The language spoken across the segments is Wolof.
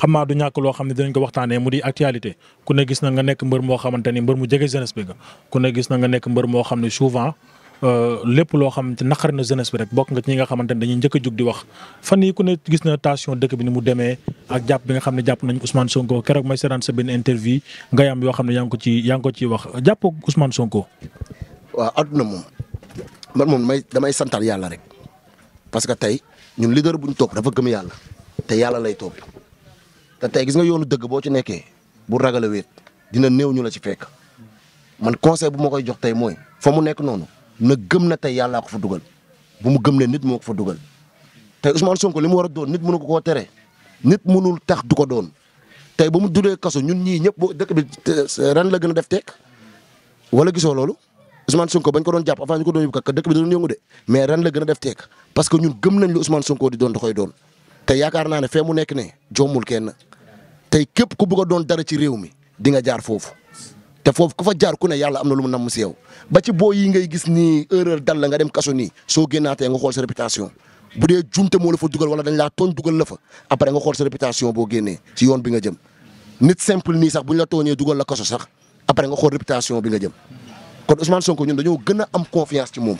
xam naa du ñàkk loo xam ne dinañ ko waxtaanee mu di actualité ku ne gis na nga nekk mbër moo xamante ni mbër mu jege jeunesse bi nga ku ne gis na nga nekk mbër moo xam ne souvent euh, lépp loo xam ne naqari na jeunesse bi rek bokk nga ci ñi nga xamante ne dañuy njëkk di wax fan yi ku ne gis bi ni mu demee ak jàpp bi nga xam ne jàpp nañ Ousmane Sonko keroog may seetaan sa benn interview nga yam yoo xam ne yaa ko ci yaa ngi ko ciy wax jàppoo Ousmane waaw adduna moom man moom may damay santal yàlla rek parce que tey ñun leader buñ toog dafa gëm yàlla te yàlla lay topp te tey gis nga yoonu dëgg boo ci nekkee bu ragal a wéet dina néew ñu la ci fekk man conseil bu ma koy jox tey mooy fa mu nekk noonu na gëm na tey yàllaa ko fa dugal bu mu gëm ne nit moo ko fa dugal tey Ousmane Sonko li mu war a doon nit mënu koo tere nit mënul tax du ko doon tey ba mu dudee kaso ñun ñii ñëpp boo dëkk bi ren la gën a def tek wala gisoo loolu Ousmane Sonko bañ ko doon jàpp avant ñu ko doon yóbbu ka dëkk mais ren la gën def tekk parce que ñun gëm nañ lu Ousmane Sonko di doon da koy doon te yaakaar naa ne fee mu nekk ne jommul kenn tey képp ku bëgg a doon dara ci réew mi di nga jaar foofu te foofu ku fa jaar ku ne yàlla am na lu mun namm si yow ba ci boo yi ngay gis nii erreur dal la nga dem kaso nii soo génnaatee nga xool sa réputation bu dee jumte moo wala dañ laa tooñ dugal la fa après nga xool sa boo génnee ci yoon bi nga jëm nit simple nii sax bu ñu la tooñee dugal la kaso sax après nga xool réputation bi nga jëm kon Ousmane Sonko ñun dañoo gën a am confiance ci moom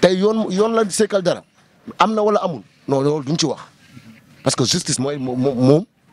tey yoon yoon la sekkal dara am na wala amul non loolu duñ ci wax parce que justice mooy moom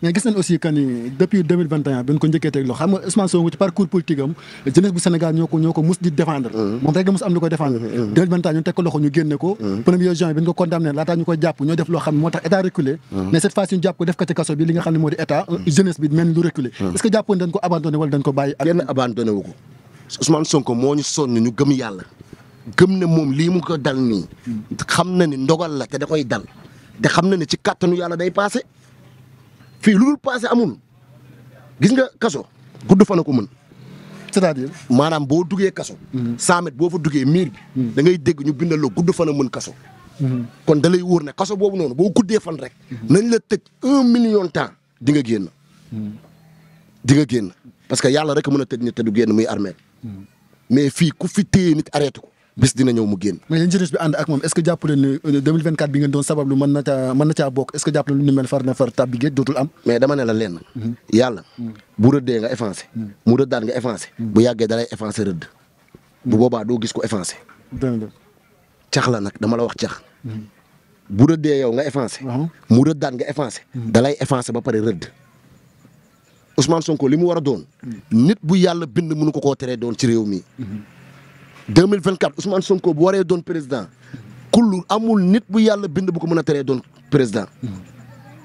mais gis nañ aussi que ni depuis 2021 bi ñu ko njëkkee teg loxo xam nga Ousmane Sonko ci parcours politique am bu Sénégal ñoo ko mus di défendre mm. moom rek mus am lu ko défendre 2021 mm. mm. teg ko loxo ñu génne ko premier juin bi nga xam ne moo di état jeunesse bi mel lu reculé est-ce que jàppoon dañ ko abandonné wala dañ ko bàyyi kenn abandonné wu ko moo ñu sonn ñu gëm yàlla gëm ne moom lii mu ko dal nii xam na ni ndogal la te da koy dal te xam na ne ci kàttanu yàlla fii lu dul passé amul gis nga kaso gudd fan a ko mën. c'est-à-dire maanaam boo duggee kaso. 100 mm-hmm. boo fa dugee miir bi. Mm-hmm. da ngay dégg ñu bindal la gudd fan a mën kaso. Mm-hmm. kon da lay wóor ne kaso boobu noonu boo guddee fan rek. nañ la tëj un million de temps di nga génn. di nga génn parce que yàlla rek mën a tëj nit te du génn muy armée mais fii ku fi téye nit arrêté ko. bis dina ñëw mu génn. mais yéen jeunesse bi ànd ak moom est ce que jàpp leen ne 2024 euh, bi ngeen doon sabablu mën na caa mën na caa bokk est ce que jàpp leen lu ni mel far na far tab bi géej dootul am. mais dama ne la lenn. Mm-hmm. yàlla. Mm-hmm. bu rëddee nga effacé. mu mm-hmm. rëddaat nga effacé. bu yàggee dalay effacé rëdd. bu boobaa doo gis ko effacé. cax la nag dama la wax cax. bu rëddee yow nga effacé. mu rëddaat nga effacé. dalay effacé ba pare rëdd. Ousmane Sonko li mu war a doon. nit bu yàlla bind mënu ko koo teree doon ci réew mi. 2024 Ousmane Sonko bu waree doon président kullu amul nit bu yàlla bind bu ko mën a teree doon président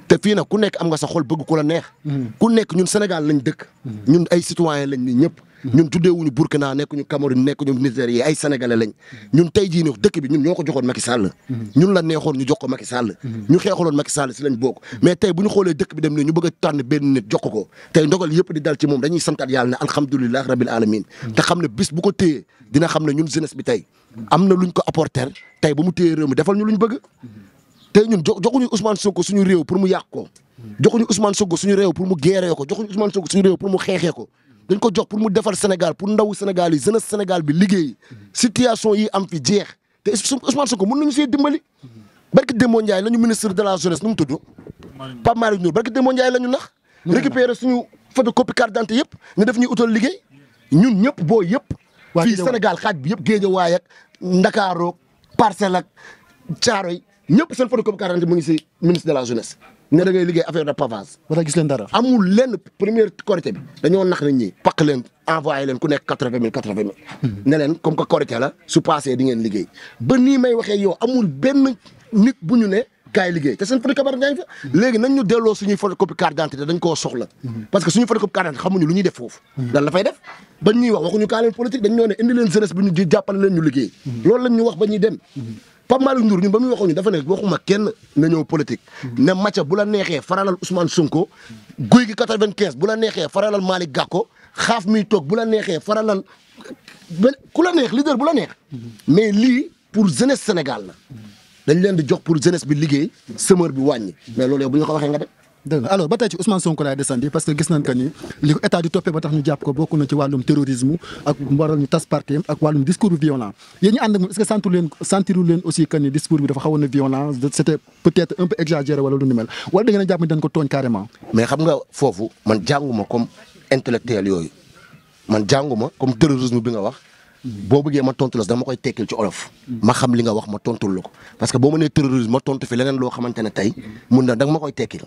te fii nag ku nekk am nga sa xol bëgg ku la neex mm-hmm. ku nekk ñun Sénégal lañ dëkk mm-hmm. ñun ay citoyen lañ ni ñëpp ñun tuddeewuñu Burkina nekkuñu Cameroun nekkuñu Nigéria ay sénégalais lañ ñun tey jii nii dëkk bi ñun ñoo ko joxoon Macky Sall ñun la neexoon ñu jox ko Macky Sall ñu xeexaloon Macky Sall si lañ bokk mais tey bu ñu xoolee dëkk bi dem nii ñu bëgg tànn benn nit jox ko tey ndogal yëpp di dal ci moom dañuy santaat yàlla ne alhamdulilah rabil alamin te xam ne bis bu ko téyee dina xam ne ñun jeunesse bi tey am na luñ ko apporter tey bu mu téyee réew mi defal ñu luñ bëgg tey ñun joxuñu Ousmane Sonko suñu réew pour mu yàq ko joxuñu Ousmane Sonko suñu réew pour mu géeree ko joxuñu Ousmane Sonko suñu réew pour mu xeexee ko dañ ko jox pour mu defal Sénégal pour ndawu Sénégal yi jeunesse Sénégal bi liggéey situation yi am fi jeex te Ousmane Sonko mën nañu see dimbali. barki Demba Ndiaye lañu ministre de la jeunesse nu mu tudd. Pape Malick Ndour barki Demba Ndiaye lañu nax. récupérer suñu photocopie carte d'identité yëpp nga def ñu utal liggéey ñun ñëpp boo yëpp. fii Sénégal xaaj bi yëpp Guédiawaye ak Ndakaaroog Parcelles ak Thiaroye ñëpp seen photocopie carte d'identité mu ngi si ministre de la jeunesse. ne da ngay liggéey affaire de pavage. leen amul lenn première korité bi dañoo nax nit ñi. paq leen envoyé ku nekk quatre vingt mille quatre vingt mille. Hmm. ne leen comme que korité la su passé di ngeen liggéey ba nii may waxee yow amul benn bu ñu ne kaay liggéey te seen photocopie yaa ngi fa. Hmm. léegi nañ ñu delloo suñuy photocopie carte d'identité dañ koo soxla. Hmm. parce que suñu photocopie carte d'identité xamuñu lu ñuy def foofu. lan la fay def ba ñuy wax waxuñu kaa leen politique dañ ñoo ne indi leen jeunesse ñu jàppale leen ñu liggéey. loolu Pape Malick Ndour ñun ba muy waxuñu dafa ne waxuma kenn na ñëw politique. Hmm. ne Macha bu la neexee faralal Ousmane Sonko. guy gi 95 bu la neexee faralal Malick Gakko xaaf miy toog bu la neexee faralal ku la neex leader bu la neex. Hmm. mais lii pour jeunesse Sénégal la. Hmm. dañ leen di jox pour jeunesse bi liggéey. semeur bi wàññi. mais lool yow bu ñu ko waxee nga dem. dëgg la ba tey ci Ousmane Sonko laay desandi parce que gis nañ que li ko état di toppee ba tax ñu jàpp ko bokk na ci wàllum terrorisme ak waral ñu tas parti ak wàllum discours violent yéen ñu ànd ak moom leen aussi que ni dafa xawoon na violence c' peut être un peu exagéré wala lu ni mel wala da ngeen a jàpp ni dañ ko tooñ carrément. mais xam nga foofu man jànguma comme intellectuel yooyu man jànguma comme terrorisme bi nga wax. boo bëggee ma tontu la dama koy tekkil ci olof. ma xam li nga wax ma tontul parce que boo ma nee terrorisme ma tontu fi leneen loo xamante ne tey mun na danga ma koy tekkil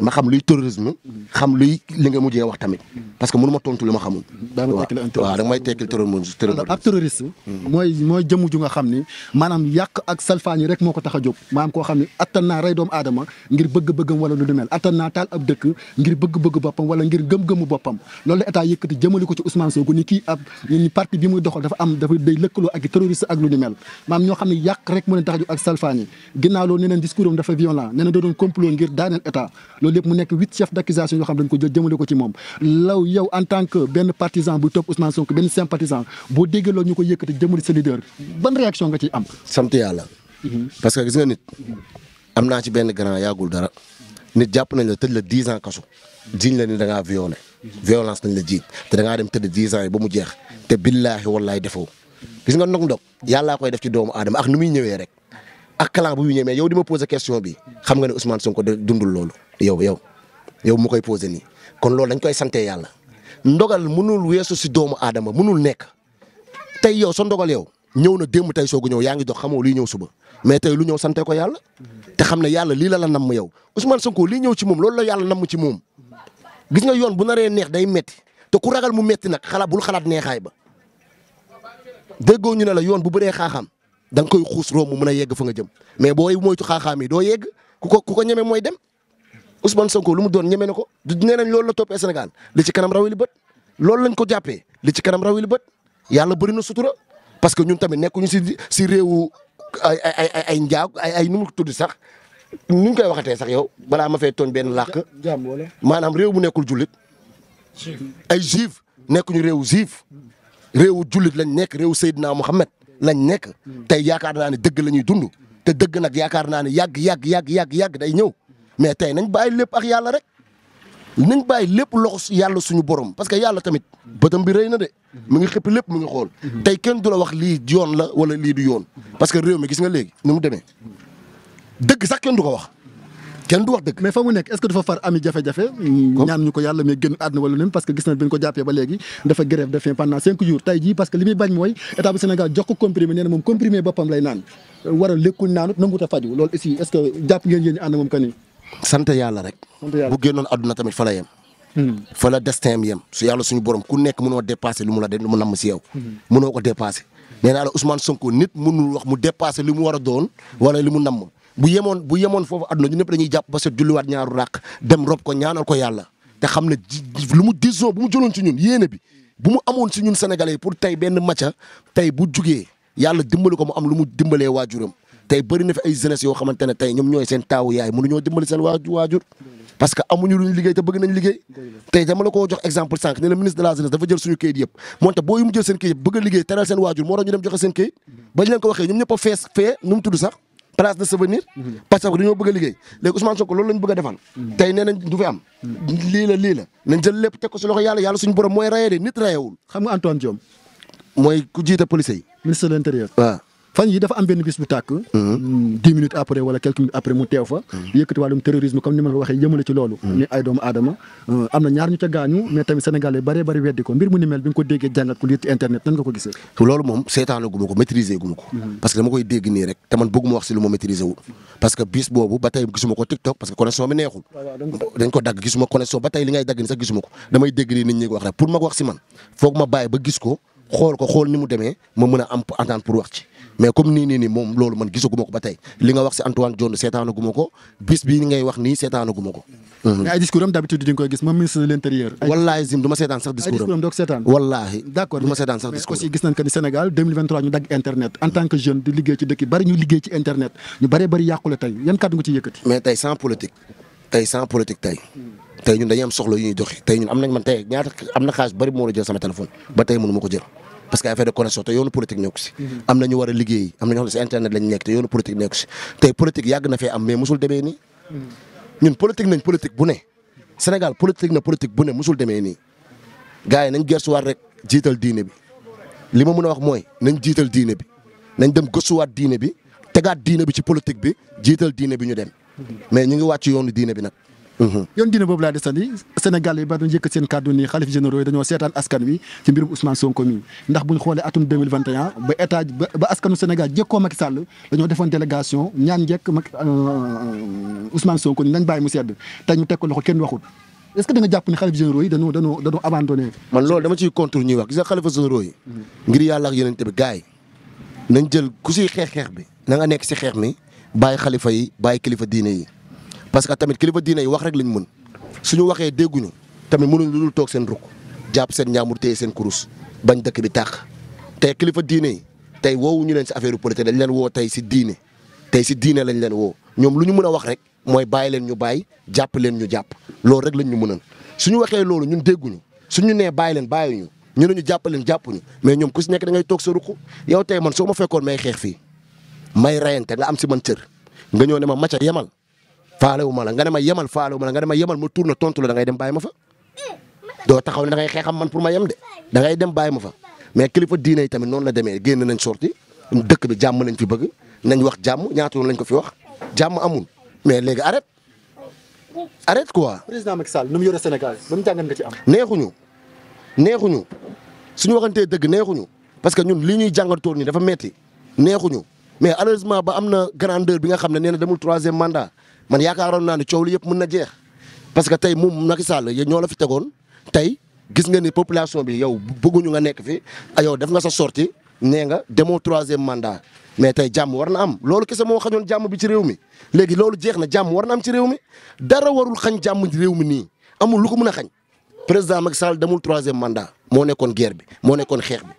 ma xam luy terrorisme xam luy li nga mujjee wax tamit parce que mënu ma tontu li ma xamul. daa tekkil waaw hmm. mooy mooy jëmm nga xam ni maanaam yàq ak salfaañi rek moo ko tax a jóg maanaam koo xam ni attan naa rey doomu aadama ngir bëgg-bëggam wala lu du mel attan naa taal ab dëkk ngir bëgg-bëgg boppam wala ngir gëm-gëmu boppam loolu la état yëkkati jëmali ko ci Ousmane Sonko ni kii am dafa day lëkkaloo ak terroriste ak lu ni mel maam ñoo xam ne yàq rek mën a tax ju ak salfaañi ginnaaw loolu neneen discours am dafa violent neneen da doon complot ngir daaneel état loolu yëpp mu nekk huit chefs d'accusation yoo xam dañ ko ci benn partisan bu topp Ousmane boo déggee ñu ko yëkkati jëmale sa leader réaction nga ciy am sant mhm. parce que gis nga nit am naa ci benn grand yàggul dara nit jàpp nañ la tëj la dix ans kaso jiñ la ni da ngaa violence nañ la jiiñ te da ngaa dem tëdd 10 ans yi ba mu jeex te billaahi wallaay defoo gis nga ndog-ndog yàllaa koy def ci doomu aadama ak nu muy ñëwee rek ak kalam bu muy ñëwee yow di ma posé question bi xam nga ne Ousmane Sonko dundul loolu yow yow yow mu koy posé nii kon loolu dañ koy santee yàlla ndogal mënul weesu si doomu aadama mënul nekk tey yow sa ndogal yow ñëw na démb tey soogu ñëw yaa ngi dox xamoo luy ñëw suba mais te lu ñëw sante ko yàlla te xam ne yàlla lii la la namm yow Ousmane Sonko lii ñëw ci moom la yàlla ci moom gis nga yoon bu naree neex day metti te ku ragal mu metti nag xalaat bul xalaat neexaay ba déggoo ñu ne la yoon bu bëree xaaxaam da nga koy xuus room mu mën a yegg fa nga jëm mais booy moytu xaaxaam yi doo yegg ku ko ku ko ñeme mooy dem Ousmane Sonko lu mu doon ñeme na ko du nee nañ loolu la toppee Sénégal li ci kanam rawili bat loolu lañ ko jàppee li ci kanam rawili bat yàlla bëri na sutura parce que ñun tamit nekkuñu si si réewu ay ay ay ay njaag ay ay nu tudd sax nu ñu koy waxatee sax yow balaa ma fay tooñ benn làkk maanaam réew mu nekkul jullit ay juif nekkuñu réew juif réewu jullit lañ nekk réewu Seydina Muhammad lañ nekk tey yaakaar naa ne dëgg la ñuy dund te dëgg nag yaakaar naa ne yàgg yàgg yàgg yàgg yàgg day ñëw mais tey nañ bàyyi lépp ak yàlla rek nañ bàyyi lépp loxo yàlla suñu borom parce que yàlla tamit bëtam bi rëy na de mu ngi xëpp lépp mu ngi xool tey kenn du la wax lii yoon la wala lii du yoon parce que réew mi gis nga léegi ni mu demee dëgg sax kenn du ko wax kenn du wax dëgg. mais fa mu nekk est-ce que far ami jafe-jafe. ñaan ñu ko yàlla mais génn àdduna wala leen parce que gis nañ bi ñu ko jàppee ba léegi dafa grève de faim pendant cinq jours tey jii parce que li muy bañ mooy état bu Sénégal jox ko comprimé nee moom comprimé boppam lay naan war a lékkul naanut nangut a faju loolu aussi est-ce que jàpp ngeen yéen ñi ànd moom que ni. sant yàlla rek. sant yàlla bu génnoon la yem. Hmm. fa la borom ku nekk mënoo la de lu mu namm hmm. a doon wala bu yemoon bu yemoon foofu àdduna ñu ñëpp dañuy jàpp ba set julliwaat ñaaru ràq dem rob ko ñaanal ko yàlla te xam ne lu mu disoo bu mu jëloon ci ñun yéene bi bu mu amoon ci ñun sénégalais pour tey benn match tey bu jugee yàlla dimbali ko mu am lu mu dimbalee waajuram tey bëri na fi ay jeunesse yoo xamante ne tey ñoom ñooy seen taawu yaay mënuñoo dimbali seen waajur parce que amuñu luñ liggéey te bëgg nañ liggéey tey dama la ko jox exemple sànq ne le ministre de a liggéey teral seen waajur moo tax ñu dem joxe seen kayit bañ leen ko waxee ñoom ñëpp a fees fee place de souvenir mhm. parce que dañoo bëgg a liggéey léegi Ousmane loolu lañ bëgg a defal mhm. tey nee nañ du fi am lii la lii la nañ jël lépp teg ko si loxo yàlla yàlla suñu borom mooy rayee de nit rayewul xam nga Antoine Diome mooy ku jiite police yi ministre de l'intérieur waaw fan yi dafa am benn bis bu tàkk. Mhm. dix minutes après wala quelques minutes après mu teew fa. Mhm. yëkkati wàllum terrorisme comme ni ma la ko waxee yëmale ci loolu. Mhm. ni ay doomu aadama euh, am na ñaar ñu ca gaañu mais tamit Sénégal yi bëree weddi ko mbir mu ni mel bi nga ko déggee jàngat ko lii ci internet nan ko gisee. loolu moom seetaanu gu ko maîtriser gu ko. parce que dama koy dégg nii rek te man bëgg wax si lu ma maîtriser wul. parce que bis boobu a mais comme nii nii nii moom loolu man gisaguma ko ba tey li nga wax si Antoine Diome seetaanaguma ko bis bii ngay wax nii seetaanaguma ko. mais mhm. ay discours am d'habitude koy gis moom ministre de l'intérieur. du ma seetaan sax discours am ay discours d'accord du ma seetaan sax discours am liggéey ci internet ñu bari bari yàqule tey yan kàddu nga ci yëkkati. mais tey sans politique tey tey. tey ñun dañuy soxla yu ñuy doxi tey ñun am nañ man tey ñaata na xaalis bari moo la jël sama téléphone ba tey parce que affaire de connexion te yoonu politique nekku si mhm. am na ñu war a liggéey am na ñoo xam ne si internet lañ nekk te yoonu politique nekku si tey politique yàgg na fee am mais musul demee nii mhm. ñun politique nañ politique bu ne Sénégal politique na politique bu ne musul demee nii gars yi nañ gëstuwaat rek jiital diine bi li ma mën a wax mooy nañ jiital diine bi nañ dem gëstuwaat diine bi tegaat diina bi ci politique bi jiital diine bi ñu dem mhm. mais ñu ngi wàcc yoonu diine bi nag Mm-hmm. yoon dina boobu laa desandi Sénégal yi ba dañu yëkkat seen kàddu nii xalif généraux yi dañoo seetaan askan wi ci mbirum Ousmane Sonko mi ndax buñ xoolee atum 2021 ba état ba askanu Sénégal jëkkoo Macky Sall dañoo defoon délégation ñaan njëkk Macky euh, euh, Ousmane Sonko ni nañ bàyyi mu sedd tey ñu ko loxo kenn waxut est-ce que da nga jàpp ne xalif généraux yi dañoo dañoo dañoo abandonné man loolu dama ciy contre ñuy wax mm-hmm. ngir yàlla ak yeneen tamit gars yi nañ jël ku siy xeex xeex bi na nga nekk si xeex mi bàyyi xalifa yi bàyyi kilifa diine yi parce que tamit kilifa diine yi wax rek lañ mën suñu waxee dégguñu tamit mënuñ lu dul toog seen rukk jàpp seen ñaamur téye seen kurus bañ dëkk bi tàq tey kilifa diine tey woowu ñu leen si affaire politique dañ leen woo tey si diine tey si diine lañ leen woo ñoom lu ñu mën a wax rek mooy bàyyi leen ñu bàyyi jàpp leen ñu jàpp loolu rek lañ ñu mënal suñu waxee loolu ñun dégguñu suñu nee bàyyi leen bàyyi ñu ñu ne ñu jàpp jàppuñu mais ñoom ku si nekk da toog sa ruq yow tey man soo ma fekkoon may xeex fii may rayante nga am si man cër nga ñëw ne ma maca yemal faalewu ma la nga ne ma yemal faalewu ma la nga ne ma yemal ma tourné tontu la da ngay dem bàyyi ma fa doo taxaw ne da ngay xeexam man pour ma yem de dangay dem baay ma fa mais kilifa diine yi tamit noonu la demee génn nañ sorti dëkk bi jàmm lañ fi bëgg nañ wax jàmm ñaata yoon lañ ko fi wax jàmm amul mais léegi arrête arrête quoi. président Macky Sall nu mu yore Sénégal ban jàngat nga ci am. neexuñu neexuñu suñu waxantee dëgg neexuñu parce que ñun li ñuy jàngatoon nii dafa metti neexuñu mais heureusement ba am na grandeur bi nga xam ne nee na demul troisième mandat. man yaakaaroon naa ne coow li yëpp mën na jeex parce que tey moom Macky Sall ñoo la fi tegoon tey gis nga ni population bi yow bëgguñu nga nekk fi ah, yow def nga sa sorti nee nga demoo troisième mandat mais tey jàmm war na am loolu kese moo xañoon jàmm bi ci réew mi léegi loolu jeex na jàmm war na am ci réew mi dara warul xañ jàmm ci réew mi nii amul lu ko mën a xañ président Macky Sall demul troisième mandat moo nekkoon guerre bi moo nekkoon xeex bi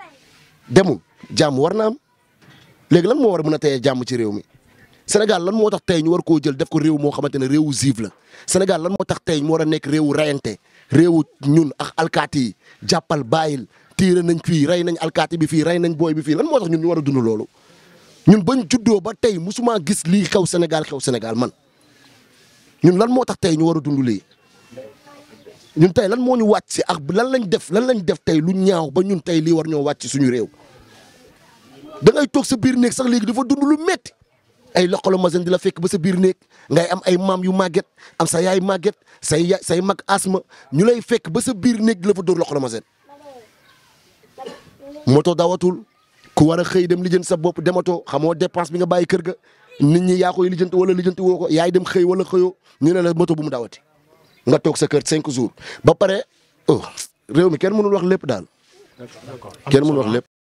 demul jàmm war na am léegi lan moo war a mën a teye jàmm ci réew mi Sénégal lan moo tax tey ñu war koo jël def ko réew moo xamante ne réewu ziif la Sénégal lan moo tax tey ñu war a nekk réewu rayante réewu ñun ak alkaati yi jàppal bàyyil tiire nañ fii rey nañ alkaati bi fii rey nañ booy bi fii lan moo tax ñun ñu war a dund loolu ñun bañ juddoo ba tey musuma gis lii xew senegal xew senegal man ñun lan moo tax tey ñu war a dund lii ñun tey lan moo ñu wàcc si ak lan lañ def lan lañ def tey lu ñaaw ba ñun tey lii war ñoo wàcc suñu réew da toog sa biir néeg sax léegi dafa dund lu métti ay loxolo masin di la fekk ba sa biir néeg ngay am ay maam yu màgget am sa yaay màgget say ya say mag asma ñu lay fekk ba sa biir néeg di la fa dóor loxolo masin moto dawatul ku war a xëy dem lijjanti sa bopp dematoo xamoo dépense bi nga bàyyi kër ga nit ñi yaa koy lijjanti wala lijjanti ko yaay dem xëy wala xëyoo ñu ne la moto bu mu dawati nga toog sa kër cinq jours ba pare oh réew mi kenn mënul wax lépp daal. kenn mënul wax lépp.